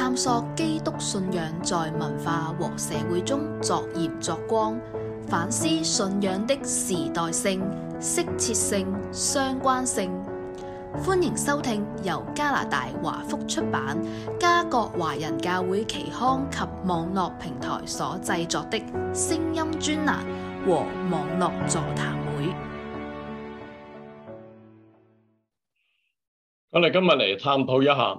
探索基督信仰在文化和社會中作鹽作光，反思信仰的時代性、適切性、相關性。歡迎收聽由加拿大華福出版、加國華人教會期刊及網絡平台所製作的聲音專欄和網絡座談會。我哋今日嚟探討一下。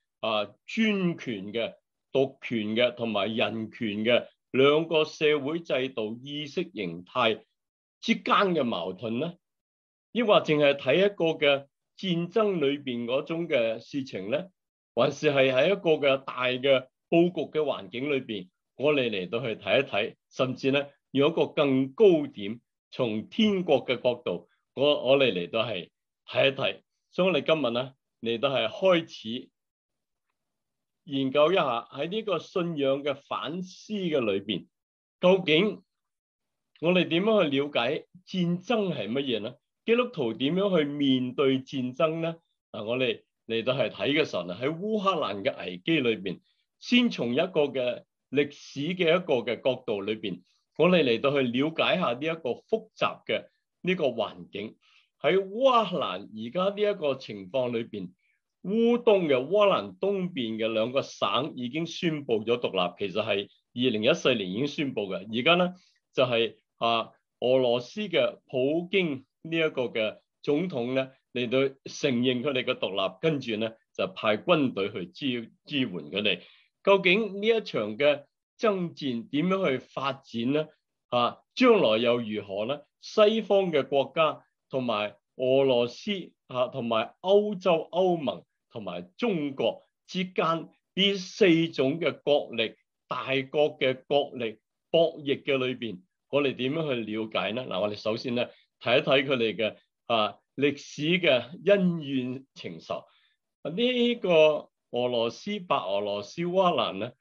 啊，專權嘅、獨權嘅，同埋人權嘅兩個社會制度意識形態之間嘅矛盾咧，抑或淨係睇一個嘅戰爭裏邊嗰種嘅事情咧，還是係喺一個嘅大嘅布局嘅環境裏邊，我哋嚟到去睇一睇，甚至咧用一個更高點，從天國嘅角度，我我哋嚟到係睇一睇，所以我哋今日咧嚟到係開始。研究一下喺呢個信仰嘅反思嘅裏邊，究竟我哋點樣去了解戰爭係乜嘢咧？基督徒點樣去面對戰爭咧？嗱，我哋嚟到係睇嘅時候喺烏克蘭嘅危機裏邊，先從一個嘅歷史嘅一個嘅角度裏邊，我哋嚟到去了解下呢一個複雜嘅呢個環境喺烏克蘭而家呢一個情況裏邊。烏東嘅，烏克蘭東邊嘅兩個省已經宣布咗獨立，其實係二零一四年已經宣布嘅。而家咧就係啊俄羅斯嘅普京呢一個嘅總統咧嚟到承認佢哋嘅獨立，跟住咧就派軍隊去支支援佢哋。究竟呢一場嘅爭戰點樣去發展咧？啊，將來又如何咧？西方嘅國家同埋俄羅斯啊，同埋歐洲歐盟。同埋中國之間呢四種嘅國力，大國嘅國力博弈嘅裏邊，我哋點樣去了解呢？嗱，我哋首先呢睇一睇佢哋嘅啊歷史嘅恩怨情仇。啊，呢個俄羅斯、白俄羅斯、烏克蘭呢，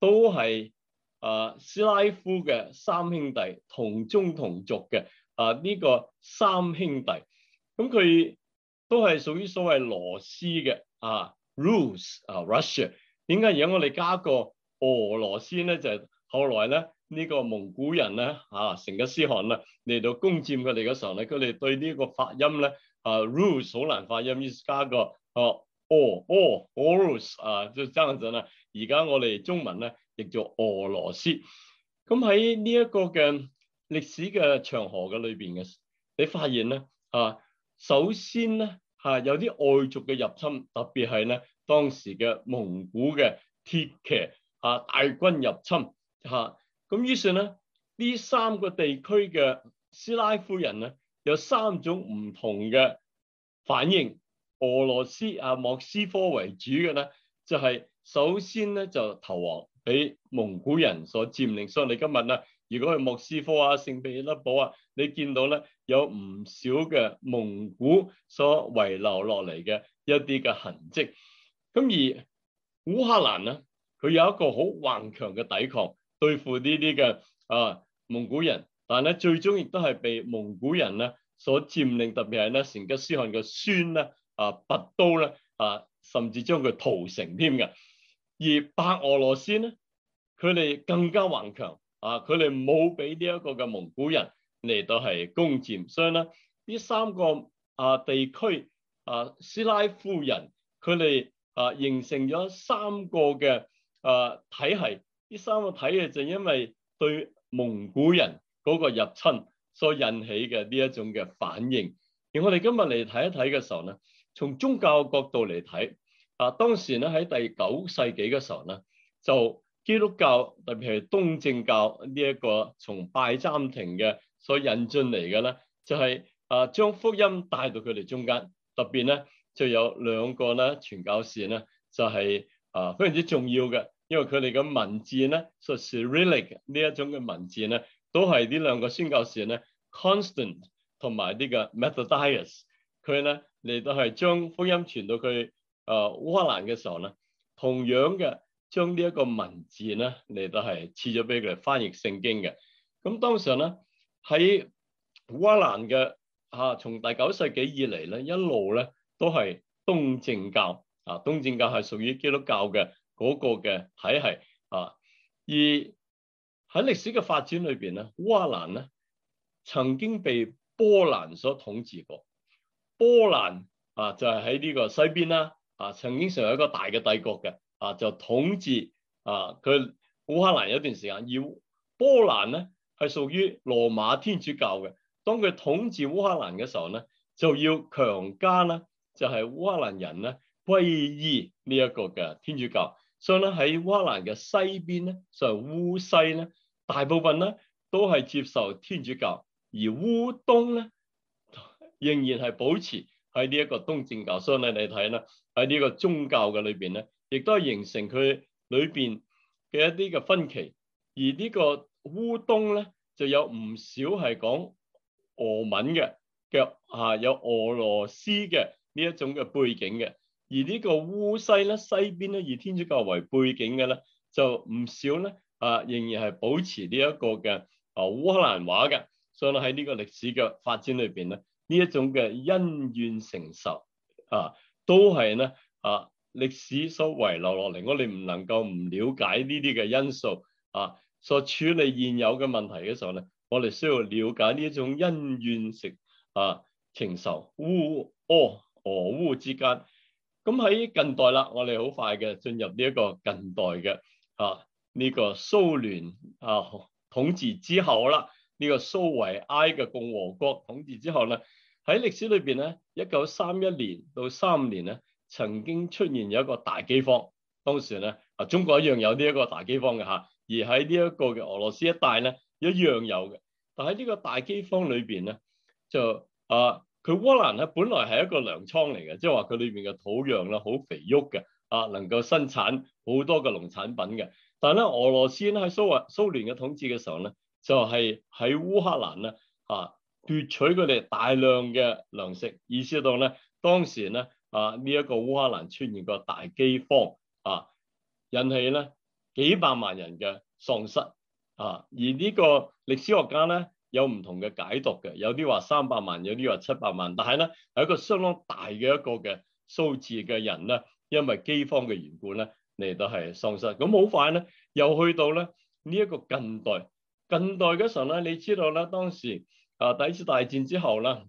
都係啊斯拉夫嘅三兄弟，同宗同族嘅啊呢個三兄弟，咁佢都係屬於所謂羅斯嘅。啊，rules 啊，Russia，點解而家我哋加個俄羅斯咧？就係、是、後來咧，呢、這個蒙古人咧，嚇、啊、成吉思汗咧嚟到攻佔佢哋嘅時候咧，佢哋對呢個發音咧，啊，rules 好難發音，要加個哦，哦，俄，Russia 啊，再爭陣啊，而家我哋中文咧譯做俄羅斯。咁喺呢一個嘅歷史嘅長河嘅裏邊嘅，你發現咧，啊，首先咧。嚇有啲外族嘅入侵，特別係咧當時嘅蒙古嘅鐵騎嚇、啊、大軍入侵嚇，咁、啊、於是咧呢三個地區嘅斯拉夫人咧有三種唔同嘅反應。俄羅斯啊，莫斯科為主嘅咧，就係、是、首先咧就投降俾蒙古人所佔領。所以你今日咧。如果去莫斯科啊、聖彼得堡啊，你見到咧有唔少嘅蒙古所遺留落嚟嘅一啲嘅痕跡。咁而烏克蘭呢，佢有一個好頑強嘅抵抗，對付呢啲嘅啊蒙古人。但係咧最終亦都係被蒙古人呢所佔領，特別係咧成吉思汗嘅孫咧啊拔都咧啊，甚至將佢屠城添嘅。而白俄羅斯呢，佢哋更加頑強。啊！佢哋冇俾呢一個嘅蒙古人嚟到係攻佔，所以啦，呢三個啊地區啊，斯拉夫人佢哋啊形成咗三個嘅啊體系。呢三個體系就因為對蒙古人嗰個入侵所引起嘅呢一種嘅反應。而我哋今日嚟睇一睇嘅時候咧，從宗教角度嚟睇，啊當時咧喺第九世紀嘅時候咧就，基督教特別係東正教呢一個從拜占庭嘅所引進嚟嘅咧，就係啊將福音帶到佢哋中間。特別咧就有兩個咧傳教士咧，就係、是、啊、呃、非常之重要嘅，因為佢哋嘅文字咧，所以 Cyrillic 呢一種嘅文字咧，都係呢兩個宣教士咧，Constant 同埋呢個 Methodius，佢咧嚟到係將福音傳到去啊、呃、烏克蘭嘅時候咧，同樣嘅。將呢一個文字咧，你都係賜咗俾佢哋嚟翻譯聖經嘅。咁當時咧喺烏克蘭嘅啊，從第九世紀以嚟咧，一路咧都係東正教啊。東正教係屬於基督教嘅嗰個嘅體系啊。而喺歷史嘅發展裏邊咧，烏克蘭咧曾經被波蘭所統治過。波蘭啊，就係喺呢個西邊啦啊，曾經成為一個大嘅帝國嘅。啊，就統治啊，佢烏克蘭有一段時間，而波蘭咧係屬於羅馬天主教嘅。當佢統治烏克蘭嘅時候咧，就要強加啦，就係烏克蘭人咧歸依呢一個嘅天主教。所以咧喺烏克蘭嘅西邊咧，就係烏西咧，大部分咧都係接受天主教，而烏東咧仍然係保持喺呢一個東正教。所以呢你睇啦，喺呢個宗教嘅裏邊咧。亦都係形成佢裏邊嘅一啲嘅分歧，而個烏呢個烏東咧就有唔少係講俄文嘅腳啊，有俄羅斯嘅呢一種嘅背景嘅，而個烏呢個烏西咧西邊咧以天主教為背景嘅咧，就唔少咧啊，仍然係保持呢一個嘅啊烏克蘭話嘅，所以喺呢個歷史嘅發展裏邊咧，呢一種嘅恩怨承受啊，都係咧啊。歷史所遺留落嚟，我哋唔能夠唔了解呢啲嘅因素啊！所處理現有嘅問題嘅時候咧，我哋需要了解呢一種恩怨情啊、情仇、烏、哦、俄烏之間。咁喺近代啦，我哋好快嘅進入呢一個近代嘅啊，呢個蘇聯啊統治之後啦，呢個蘇維埃嘅共和國統治之後啦，喺歷史裏邊咧，一九三一年到三年咧。曾經出現有一個大饑荒，當時咧啊，中國一樣有呢一個大饑荒嘅嚇，而喺呢一個嘅俄羅斯一帶咧一樣有嘅。但喺呢個大饑荒裏邊咧，就啊，佢烏蘭咧本來係一個糧倉嚟嘅，即係話佢裏邊嘅土壤咧好肥沃嘅啊，能夠生產好多嘅農產品嘅。但係咧俄羅斯咧喺蘇俄蘇聯嘅統治嘅時候咧，就係、是、喺烏克蘭咧嚇、啊、奪取佢哋大量嘅糧食，意思到咧當時咧。啊！呢、這、一個烏克蘭出現個大饑荒啊，引起咧幾百萬人嘅喪失啊。而呢個歷史學家咧有唔同嘅解讀嘅，有啲話三百萬，有啲話七百萬，但係咧係一個相當大嘅一個嘅數字嘅人啦，因為饑荒嘅緣故咧嚟到係喪失。咁好快咧，又去到咧呢一、這個近代近代嗰陣咧，你知道咧當時啊第一次大戰之後啦。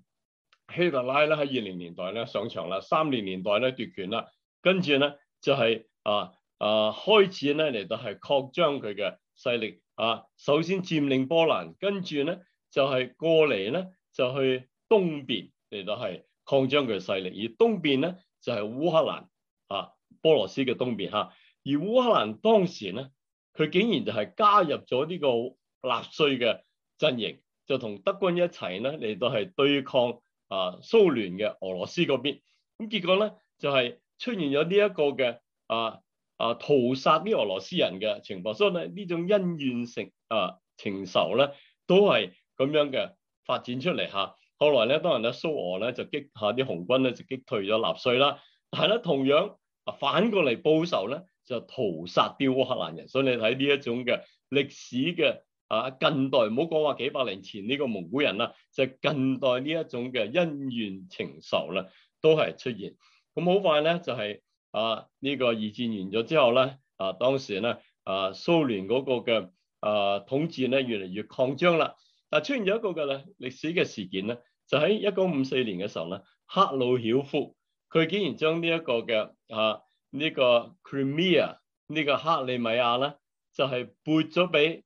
希特拉咧喺二零年代咧上場啦，三零年代咧奪權啦，跟住咧就係、是、啊啊開始咧嚟到係擴張佢嘅勢力啊，首先佔領波蘭，跟住咧就係、是、過嚟咧就去東邊嚟到係擴張佢嘅勢力，而東邊咧就係、是、烏克蘭啊波羅斯嘅東邊吓、啊，而烏克蘭當時咧佢竟然就係加入咗呢個納粹嘅陣營，就同德軍一齊咧嚟到係對抗。啊，蘇聯嘅俄羅斯嗰邊，咁結果咧就係、是、出現咗呢一個嘅啊啊屠殺啲俄羅斯人嘅情況，所以呢呢種恩怨成啊情仇咧都係咁樣嘅發展出嚟嚇。後來咧，當然咧蘇俄咧就擊下啲、啊、紅軍咧就擊退咗納粹啦，但係啦，同樣啊反過嚟報仇咧就屠殺掉烏克蘭人，所以你睇呢一種嘅歷史嘅。啊，近代唔好講話幾百年前呢個蒙古人啦，就係、近代呢一種嘅恩怨情仇啦，都係出現。咁好快咧，就係、是、啊呢、呢個二戰完咗之後咧，啊當時咧啊蘇聯嗰個嘅啊統治咧越嚟越擴張啦。嗱、啊，出現咗一個嘅歷史嘅事件咧，就喺一九五四年嘅時候咧，赫魯曉夫佢竟然將呢一個嘅啊呢、呢個 Crimea 呢個克里米亞咧，就係撥咗俾。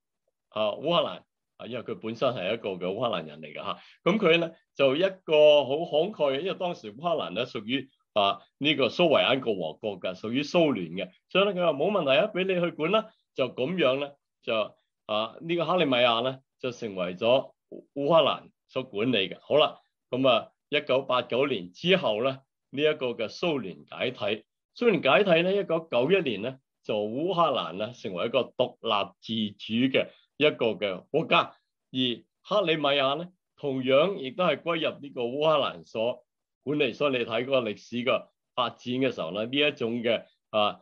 啊，烏克蘭啊，因為佢本身係一個嘅烏克蘭人嚟噶吓，咁佢咧就一個好慷慨嘅，因為當時烏克蘭咧屬於啊呢、這個蘇維埃共和國嘅，屬於蘇聯嘅，所以咧佢話冇問題啊，俾你去管啦，就咁樣咧就啊呢、這個克里米亞咧就成為咗烏克蘭所管理嘅。好啦，咁啊一九八九年之後咧呢一、這個嘅蘇聯解體，蘇聯解體咧一九九一年咧就烏克蘭咧成為一個獨立自主嘅。一個嘅國家，而克里米亞咧，同樣亦都係歸入呢個烏克蘭所管理。本嚟，所以你睇嗰個歷史嘅發展嘅時候咧，呢一種嘅啊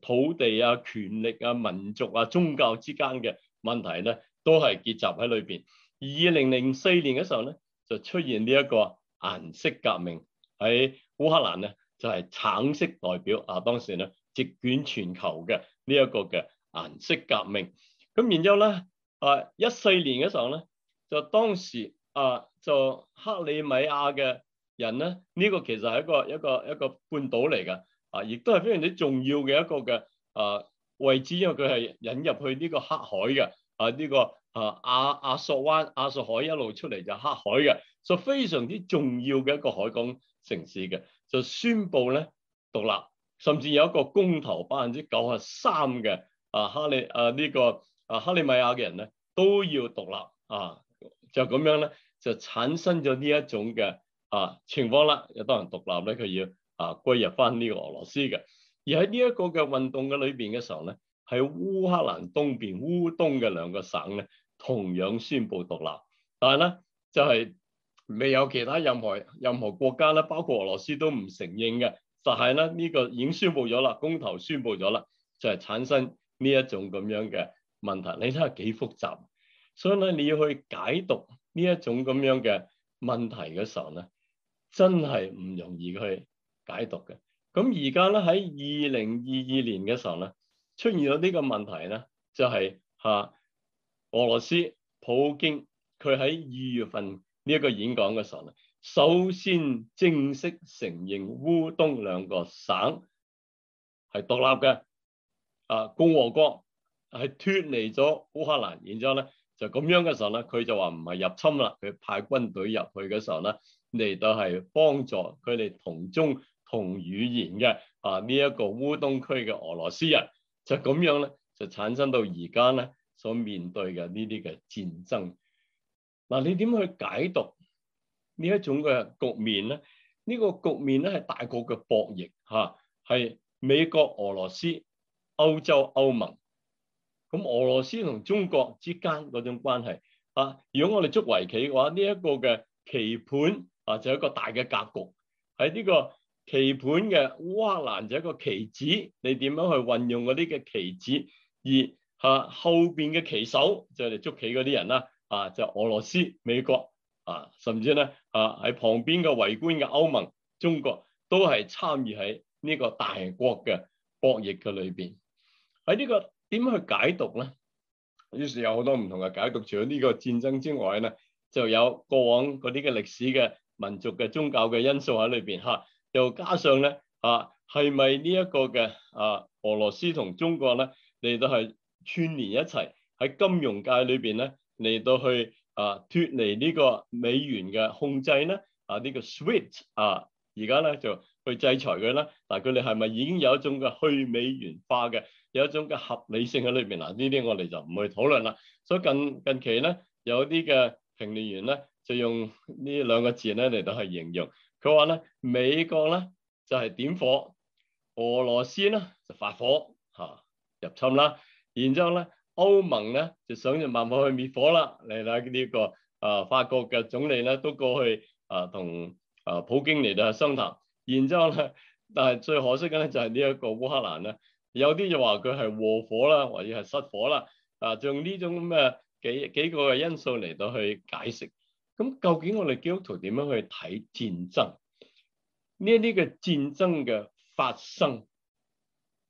土地啊、權力啊、民族啊、宗教之間嘅問題咧，都係結集喺裏邊。二零零四年嘅時候咧，就出現呢一個顏色革命喺烏克蘭啊，就係橙色代表啊，當時咧席捲全球嘅呢一個嘅顏色革命。咁然之後咧，啊，一四年嘅時候咧，就當時啊，就克里米亞嘅人咧，呢個其實係一個一個一個半島嚟嘅，啊，亦都係非常之重要嘅一個嘅啊位置，因為佢係引入去呢個黑海嘅，啊呢個啊阿阿索灣、阿、啊、索海一路出嚟就黑海嘅，就非常之重要嘅一個海港城市嘅，就宣布咧獨立，甚至有一個公投百分之九十三嘅啊，克里啊呢個。啊，克里米亞嘅人咧都要獨立啊，就咁樣咧就產生咗呢一種嘅啊情況啦。有當人獨立咧，佢要啊歸入翻呢個俄羅斯嘅。而喺呢一個嘅運動嘅裏邊嘅時候咧，喺烏克蘭東邊烏東嘅兩個省咧，同樣宣布獨立，但係咧就係未有其他任何任何國家咧，包括俄羅斯都唔承認嘅。但係咧呢個已經宣布咗啦，公投宣布咗啦，就係產生呢一種咁樣嘅。問題你睇下幾複雜，所以咧你要去解讀呢一種咁樣嘅問題嘅時候咧，真係唔容易去解讀嘅。咁而家咧喺二零二二年嘅時候咧，出現咗呢個問題咧，就係、是、嚇、啊、俄羅斯普京佢喺二月份呢一個演講嘅時候咧，首先正式承認烏東兩個省係獨立嘅啊共和國。係脫離咗烏克蘭，然之後咧就咁樣嘅時候咧，佢就話唔係入侵啦。佢派軍隊入去嘅時候咧，嚟到係幫助佢哋同宗同語言嘅啊呢一、這個烏東區嘅俄羅斯人。就咁樣咧，就產生到而家咧所面對嘅呢啲嘅戰爭。嗱、啊，你點去解讀呢一種嘅局面咧？呢、這個局面咧係大國嘅博弈嚇，係、啊、美國、俄羅斯、歐洲、歐盟。咁俄羅斯同中國之間嗰種關係啊，如果我哋捉圍棋嘅話，呢一個嘅棋盤啊，就係一個大嘅格局。喺呢個棋盤嘅烏克蘭就係一個棋子，你點樣去運用嗰啲嘅棋子？而嚇後邊嘅棋手就係捉棋嗰啲人啦，啊，就俄羅斯、美國啊，甚至咧啊，喺旁邊嘅圍觀嘅歐盟、中國都係參與喺呢個大國嘅博弈嘅裏邊。喺呢個。點樣去解讀咧？於是有好多唔同嘅解讀。除咗呢個戰爭之外咧，就有過往嗰啲嘅歷史嘅民族嘅宗教嘅因素喺裏邊嚇。又加上咧嚇，係咪呢一個嘅啊？俄羅斯同中國咧嚟到係串聯一齊喺金融界裏邊咧，嚟到去啊，脫離呢個美元嘅控制咧，啊呢個 Swift 啊，而家咧就去制裁佢啦。但係佢哋係咪已經有一種嘅去美元化嘅？有一種嘅合理性喺裏邊啊！呢啲我哋就唔去討論啦。所以近近期咧，有啲嘅評論員咧，就用呢兩個字咧嚟到去形容。佢話咧，美國咧就係、是、點火，俄羅斯咧就發火嚇、啊、入侵啦。然之後咧，歐盟咧就想盡辦法去滅火啦。嚟睇呢個啊、呃、法國嘅總理咧都過去啊同啊普京嚟到商談。然之後咧，但係最可惜嘅咧就係、是、呢一個烏克蘭咧。有啲就話佢係禍火啦，或者係失火啦，啊，用呢種咁嘅幾幾個嘅因素嚟到去解釋。咁究竟我哋基督徒點樣去睇戰爭？呢一啲嘅戰爭嘅發生，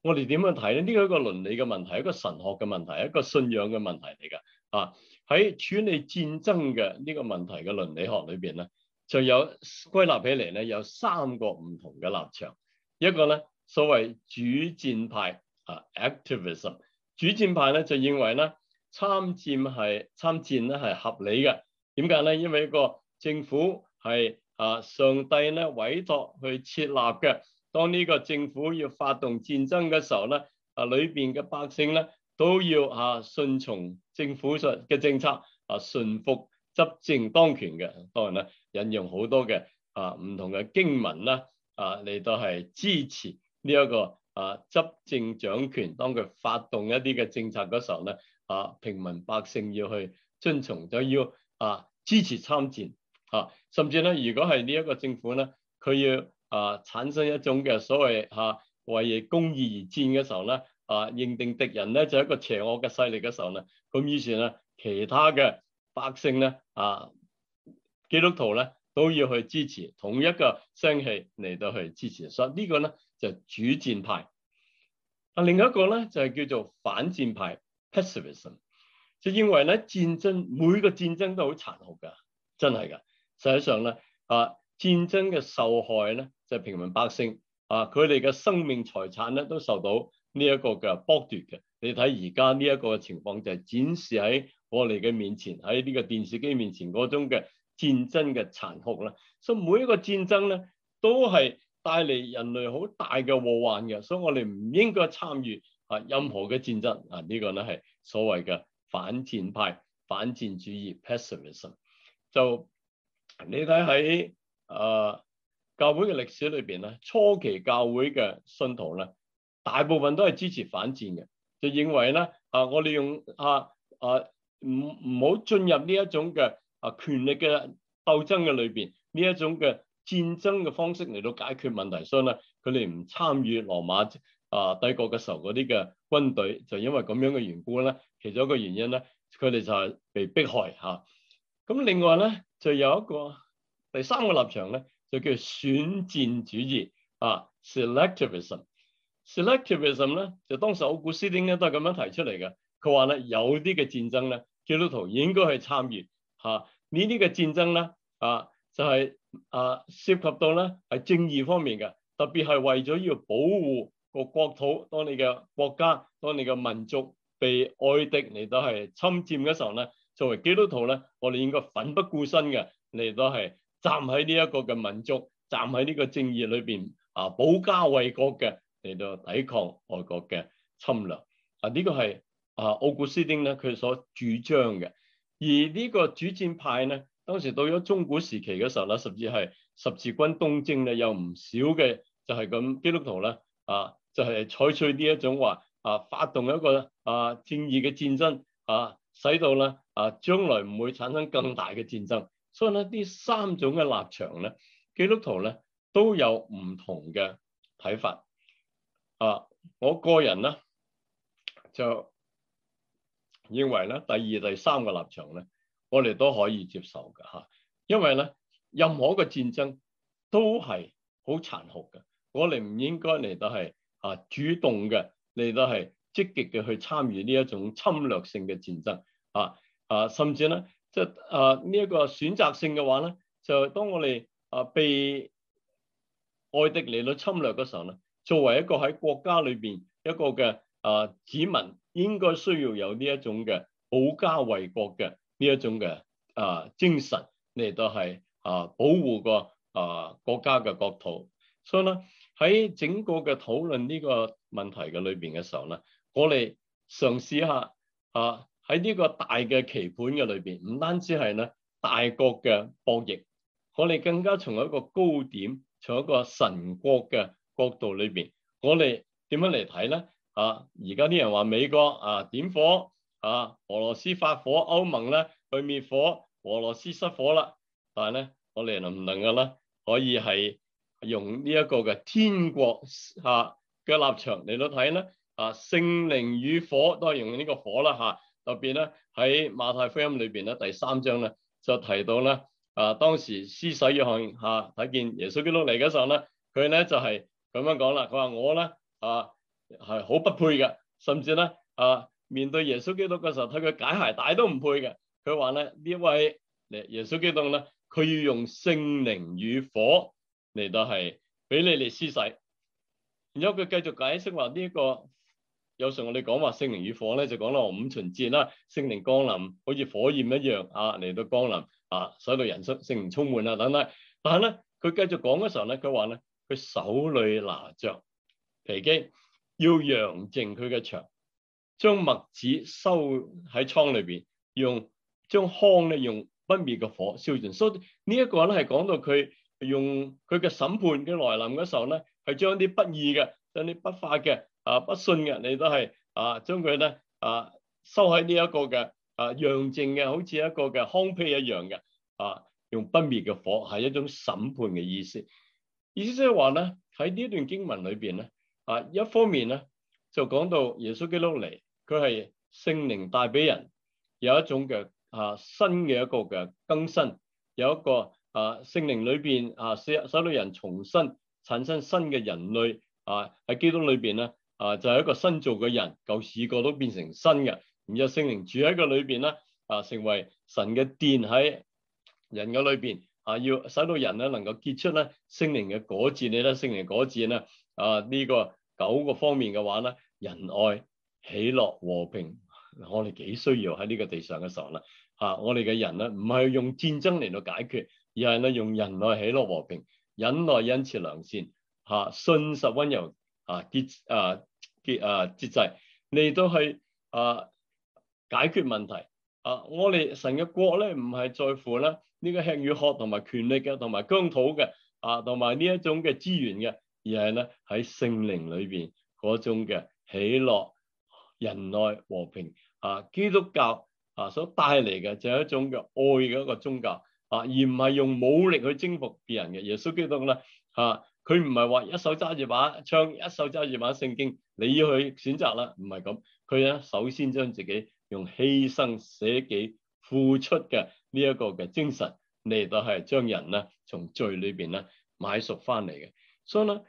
我哋點樣睇咧？呢係一個倫理嘅問題，一個神學嘅問題，一個信仰嘅問題嚟噶。啊，喺處理戰爭嘅呢個問題嘅倫理學裏邊咧，就有歸納起嚟咧，有三個唔同嘅立場。一個咧。所謂主戰派啊，activism，主戰派咧，就認為咧參戰係參戰咧係合理嘅。點解咧？因為呢個政府係啊上帝咧委託去設立嘅。當呢個政府要發動戰爭嘅時候咧，啊裏邊嘅百姓咧都要啊順從政府上嘅政策啊，順服執政當權嘅。當然啦，引用好多嘅啊唔同嘅經文啦啊嚟，到係支持。呢一個啊執政掌權，當佢發動一啲嘅政策嗰時候咧，啊平民百姓要去遵從，都要啊支持參戰嚇、啊。甚至咧，如果係呢一個政府咧，佢要啊產生一種嘅所謂嚇、啊、為公義而戰嘅時候咧，啊認定敵人咧就係一個邪惡嘅勢力嘅時候咧，咁於是咧其他嘅百姓咧啊基督徒咧都要去支持，同一個聲氣嚟到去支持。所以呢個咧。就主戰派，啊，另一個咧就係叫做反戰派，pacifism，就認為咧戰爭每個戰爭都好殘酷噶，真係噶。實際上咧啊，戰爭嘅受害咧就係平民百姓啊，佢哋嘅生命財產咧都受到呢一個嘅剝奪嘅。你睇而家呢一個情況就係展示喺我哋嘅面前，喺呢個電視機面前嗰種嘅戰爭嘅殘酷啦。所以每一個戰爭咧都係，帶嚟人類好大嘅禍患嘅，所以我哋唔應該參與啊任何嘅戰爭啊、這個、呢個咧係所謂嘅反戰派、反戰主義 pessimism。就你睇喺啊教會嘅歷史裏邊咧，初期教會嘅信徒咧，大部分都係支持反戰嘅，就認為咧啊，我哋用啊啊唔唔好進入呢一種嘅啊權力嘅鬥爭嘅裏邊呢一種嘅。戰爭嘅方式嚟到解決問題，所以咧佢哋唔參與羅馬啊帝國嘅時候嗰啲嘅軍隊，就因為咁樣嘅緣故咧，其中一個原因咧，佢哋就係被迫害嚇。咁、啊、另外咧，就有一個第三個立場咧，就叫選戰主義啊，selectivism。selectivism 咧 Select，就當時奧古斯丁咧都係咁樣提出嚟嘅。佢話咧，有啲嘅戰爭咧，基督徒應該去參與嚇。呢啲嘅戰爭咧啊。就係、是、啊，涉及到咧係正義方面嘅，特別係為咗要保護個國土，當你嘅國家當你嘅民族被外敵嚟到係侵佔嘅時候咧，作為基督徒咧，我哋應該奮不顧身嘅嚟到係站喺呢一個嘅民族，站喺呢個正義裏邊啊，保家衛國嘅嚟到抵抗外國嘅侵略。啊，呢、這個係啊奧古斯丁咧佢所主張嘅，而呢個主戰派咧。當時到咗中古時期嘅時候啦，甚至係十字軍東征咧，有唔少嘅就係咁基督徒咧啊，就係、是、採取呢一種話啊，發動一個啊正義嘅戰爭啊，使到咧啊將來唔會產生更大嘅戰爭。所以咧，呢三種嘅立場咧，基督徒咧都有唔同嘅睇法啊。我個人咧就認為咧，第二、第三個立場咧。我哋都可以接受嘅嚇，因為咧任何嘅戰爭都係好殘酷嘅，我哋唔應該嚟到係啊主動嘅嚟到係積極嘅去參與呢一種侵略性嘅戰爭啊，啊甚至咧即係啊呢一個選擇性嘅話咧，就當我哋啊被外敵嚟到侵略嘅時候咧，作為一個喺國家裏邊一個嘅啊子民，應該需要有呢一種嘅保家衛國嘅。呢一種嘅啊精神，嚟都係啊保護個啊國家嘅國土。所以咧喺整個嘅討論呢個問題嘅裏邊嘅時候咧，我哋嘗試下啊喺呢個大嘅棋盤嘅裏邊，唔單止係咧大國嘅博弈，我哋更加從一個高點，從一個神國嘅角度裏邊，我哋點樣嚟睇咧？啊，而家啲人話美國啊點火。啊！俄羅斯發火，歐盟咧去滅火，俄羅斯失火啦。但係咧，我哋能唔能噶啦，可以係用呢一個嘅天國吓嘅立場嚟到睇咧。啊，聖靈與火都係用呢個火啦吓、啊。特別咧喺馬太福音裏邊咧第三章咧就提到咧啊，當時施洗約翰吓睇見耶穌基督嚟嘅時候咧，佢咧就係、是、咁樣講啦，佢話我咧啊係好不配嘅，甚至咧啊。面對耶穌基督嘅時候，睇佢解鞋帶都唔配嘅。佢話咧呢一位耶穌基督咧，佢要用聖靈與火嚟到係俾你哋施洗。然後佢繼續解釋話呢一個有時候我哋講話聖靈與火咧，就講到五旬節啦，聖靈降臨好似火焰一樣啊嚟到降臨啊，使到人生聖靈充滿啊等等。但係咧佢繼續講嘅時候咧，佢話咧佢手裏拿着簸箕，要揚淨佢嘅場。將墨子收喺倉裏邊，用將糠咧用不滅嘅火燒盡。所以呢一個咧係講到佢用佢嘅審判嘅來臨嗰時候咧，係將啲不義嘅、將啲不法嘅、啊不信嘅，你都係啊將佢咧啊收喺呢、啊、一個嘅啊樣正嘅，好似一個嘅糠坯一樣嘅啊，用不滅嘅火係一種審判嘅意思。意思即係話咧喺呢段經文裏邊咧啊，一方面咧就講到耶穌基督嚟。佢係聖靈帶俾人有一種嘅啊新嘅一個嘅更新，有一個啊聖靈裡邊啊使使到人重新產生新嘅人類啊喺基督裡邊咧啊就係、是、一個新造嘅人，舊事過都變成新嘅，然之後聖靈住喺個裡邊咧啊成為神嘅殿喺人嘅裡邊啊要使到人咧能夠結出咧聖靈嘅果子，你睇聖靈果子咧啊呢、這個九個方面嘅話咧仁愛。喜樂和平，我哋幾需要喺呢個地上嘅時候啦。吓、啊，我哋嘅人啦，唔係用戰爭嚟到解決，而係咧用仁愛喜樂和平、忍耐、恩慈、良善、吓、啊、信實、溫柔、吓、節啊、節啊、節、啊、制，你都去啊解決問題。啊，我哋神嘅國咧，唔係在乎咧呢、這個吃與喝同埋權力嘅，同埋疆土嘅，啊，同埋呢一種嘅資源嘅，而係咧喺聖靈裏邊嗰種嘅喜樂。仁愛和平啊，基督教啊所帶嚟嘅就係一種嘅愛嘅一個宗教啊，而唔係用武力去征服別人嘅。耶穌基督啦啊，佢唔係話一手揸住把槍，一手揸住把聖經，你要去選擇啦，唔係咁。佢咧首先將自己用犧牲捨己付出嘅呢一個嘅精神嚟到係將人咧從罪裏邊咧買贖翻嚟嘅，所以咧。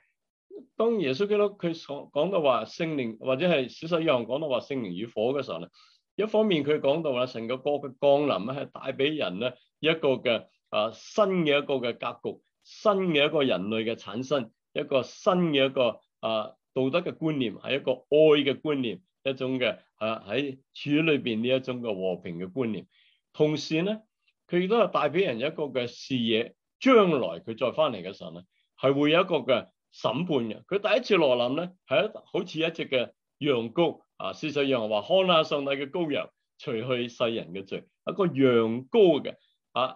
當耶穌基督佢所講到話聖靈，或者係施洗約翰講到話聖靈與火嘅時候咧，一方面佢講到啦，成個國嘅降臨係帶俾人咧一個嘅啊新嘅一個嘅格局，新嘅一個人類嘅產生，一個新嘅一個啊道德嘅觀念，係一個愛嘅觀念，一種嘅啊喺處裏邊呢一種嘅和平嘅觀念。同時咧，佢亦都係帶俾人一個嘅視野，將來佢再翻嚟嘅時候咧，係會有一個嘅。審判嘅，佢第一次落嚟咧，係一好似一隻嘅羊羔，啊，事實上話看下上帝嘅羔羊，除去世人嘅罪，一個羊羔嘅，啊，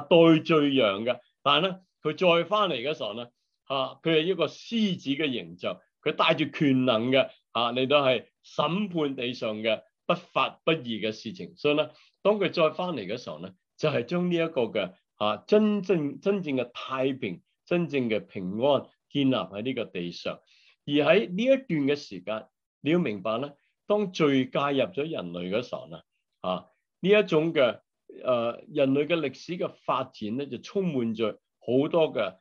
代罪羊嘅。但係咧，佢再翻嚟嘅時候咧，啊，佢係一個獅子嘅形象，佢帶住權能嘅，啊，你都係審判地上嘅不法不義嘅事情。所以咧，當佢再翻嚟嘅時候咧，就係將呢一個嘅，啊，真正真正嘅太平，真正嘅平安。建立喺呢個地上，而喺呢一段嘅時間，你要明白咧，當罪介入咗人類嘅時候啦，啊，呢一種嘅誒、啊、人類嘅歷史嘅發展咧，就充滿着好多嘅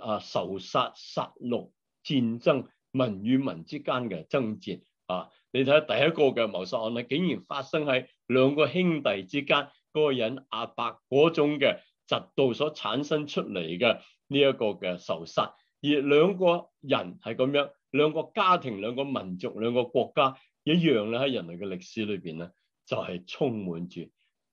啊仇殺、殺戮、戰爭、民與民之間嘅爭戰啊！你睇下第一個嘅謀殺案咧，竟然發生喺兩個兄弟之間，嗰、那個人阿伯嗰種嘅嫉妒所產生出嚟嘅呢一個嘅仇殺。而兩個人係咁樣，兩個家庭、兩個民族、兩個國家一樣咧，喺人類嘅歷史裏邊咧，就係充滿住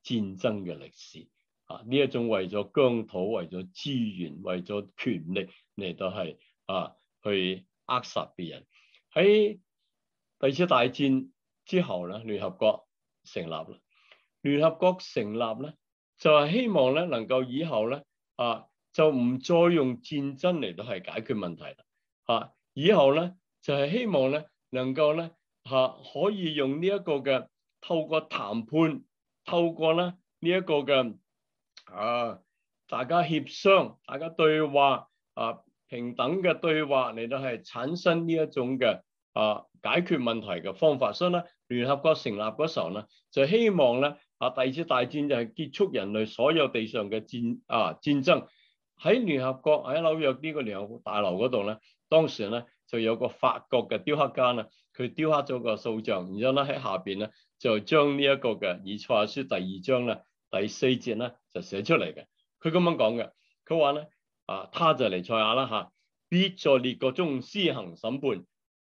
戰爭嘅歷史。啊，呢一種為咗疆土、為咗資源、為咗權力嚟到係啊去扼殺別人。喺第二次大戰之後咧，聯合國成立啦。聯合國成立咧，就係希望咧能夠以後咧啊。就唔再用戰爭嚟到係解決問題啦，嚇、啊！以後咧就係、是、希望咧能夠咧嚇、啊、可以用呢一個嘅透過談判，透過咧呢一、這個嘅啊大家協商、大家對話、啊平等嘅對話嚟到係產生呢一種嘅啊解決問題嘅方法。所以咧聯合國成立嗰時候咧就希望咧啊第二次大戰就係結束人類所有地上嘅戰啊戰爭。喺聯合國喺紐約呢個聯合國大樓嗰度咧，當時咧就有個法國嘅雕刻家啦，佢雕刻咗個塑像，然之後咧喺下邊咧就將呢一個嘅以賽亞書第二章啦第四節啦就寫出嚟嘅。佢咁樣講嘅，佢話咧啊，他就嚟賽亞啦吓，必在列國中施行審判，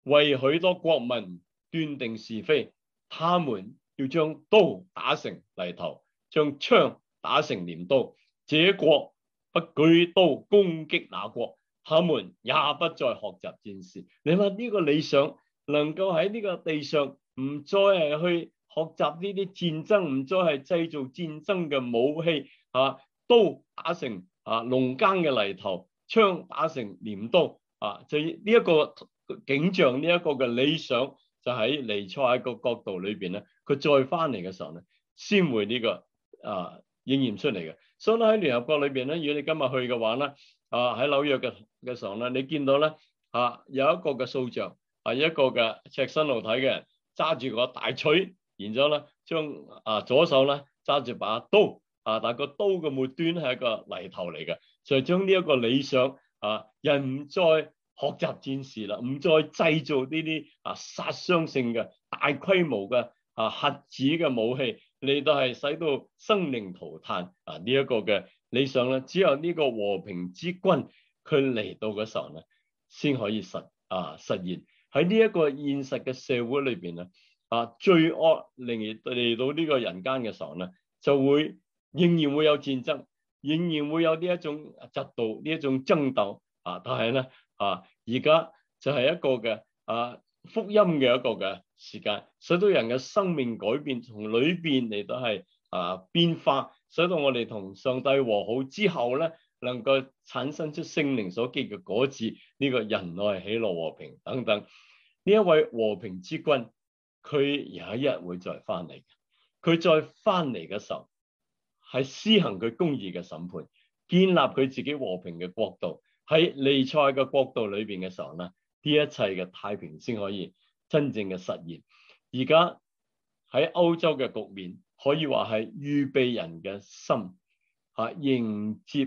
為許多國民斷定是非。他們要將刀打成犁頭，將槍打成鐮刀，這國。不舉刀攻擊那國，他們也不再學習戰事。你話呢個理想，能夠喺呢個地上唔再係去學習呢啲戰爭，唔再係製造戰爭嘅武器，啊，刀打成啊農耕嘅犁頭，槍打成鐮刀啊，就呢一個景象，呢一個嘅理想，就喺尼采個角度裏邊咧，佢再翻嚟嘅時候咧，先會呢個啊應驗出嚟嘅。所以喺聯合國裏邊咧，如果你今日去嘅話咧，啊喺紐約嘅嘅時候咧，你見到咧啊有一個嘅塑像，係、啊、一個嘅赤身露體嘅人揸住個大錘，然之後咧將啊左手咧揸住把刀，啊但個刀嘅末端係一個犁頭嚟嘅，就係將呢一個理想啊人唔再學習戰事，啦，唔再製造呢啲啊殺傷性嘅大規模嘅啊核子嘅武器。你都係使到生靈塗炭啊！呢、這、一個嘅理想咧，只有呢個和平之君佢嚟到嘅時候咧，先可以實啊實現喺呢一個現實嘅社會裏邊咧啊，罪惡令嚟到呢個人間嘅時候咧，就會仍然會有戰爭，仍然會有呢一種嫉妒、呢種爭鬥。啊，但係咧啊，而家就係一個嘅啊，福音嘅一個嘅。時間，使到人嘅生命改變，從裏邊嚟到係啊變化，使到我哋同上帝和好之後咧，能夠產生出聖靈所結嘅果子，呢、這個仁愛、喜樂、和平等等。呢一位和平之君，佢有一日會再翻嚟，佢再翻嚟嘅時候，係施行佢公義嘅審判，建立佢自己和平嘅國度，喺利賽嘅國度裏邊嘅時候咧，呢一切嘅太平先可以。真正嘅實現。而家喺歐洲嘅局面可以話係預備人嘅心啊，迎接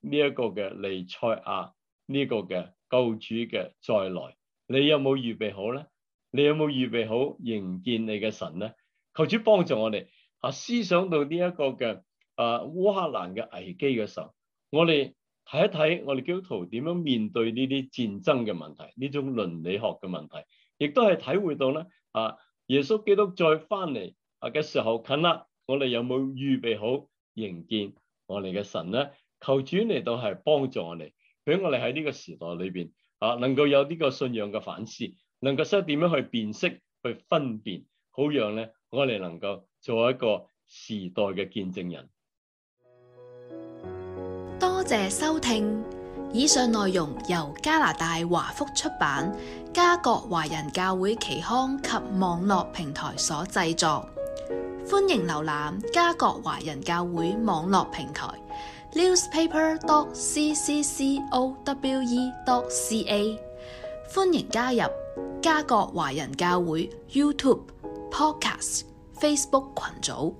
呢一個嘅彌賽亞呢個嘅救主嘅再來。你有冇預備好咧？你有冇預備好迎見你嘅神咧？求主幫助我哋啊！思想到呢一個嘅啊烏克蘭嘅危機嘅時候，我哋睇一睇我哋基督徒點樣面對呢啲戰爭嘅問題，呢種倫理學嘅問題。亦都係體會到咧，啊，耶穌基督再翻嚟啊嘅時候近啦，我哋有冇預備好迎見我哋嘅神咧？求主嚟到係幫助我哋，俾我哋喺呢個時代裏邊啊，能夠有呢個信仰嘅反思，能夠識點樣去辨識、去分辨，好讓咧我哋能夠做一個時代嘅見證人。多謝收聽。以上內容由加拿大華福出版、加國華人教會期刊及網絡平台所製作，歡迎瀏覽加國華人教會網絡平台 newspaper.cccowe.ca，歡迎加入加國華人教會 YouTube、Podcast、Facebook 群組。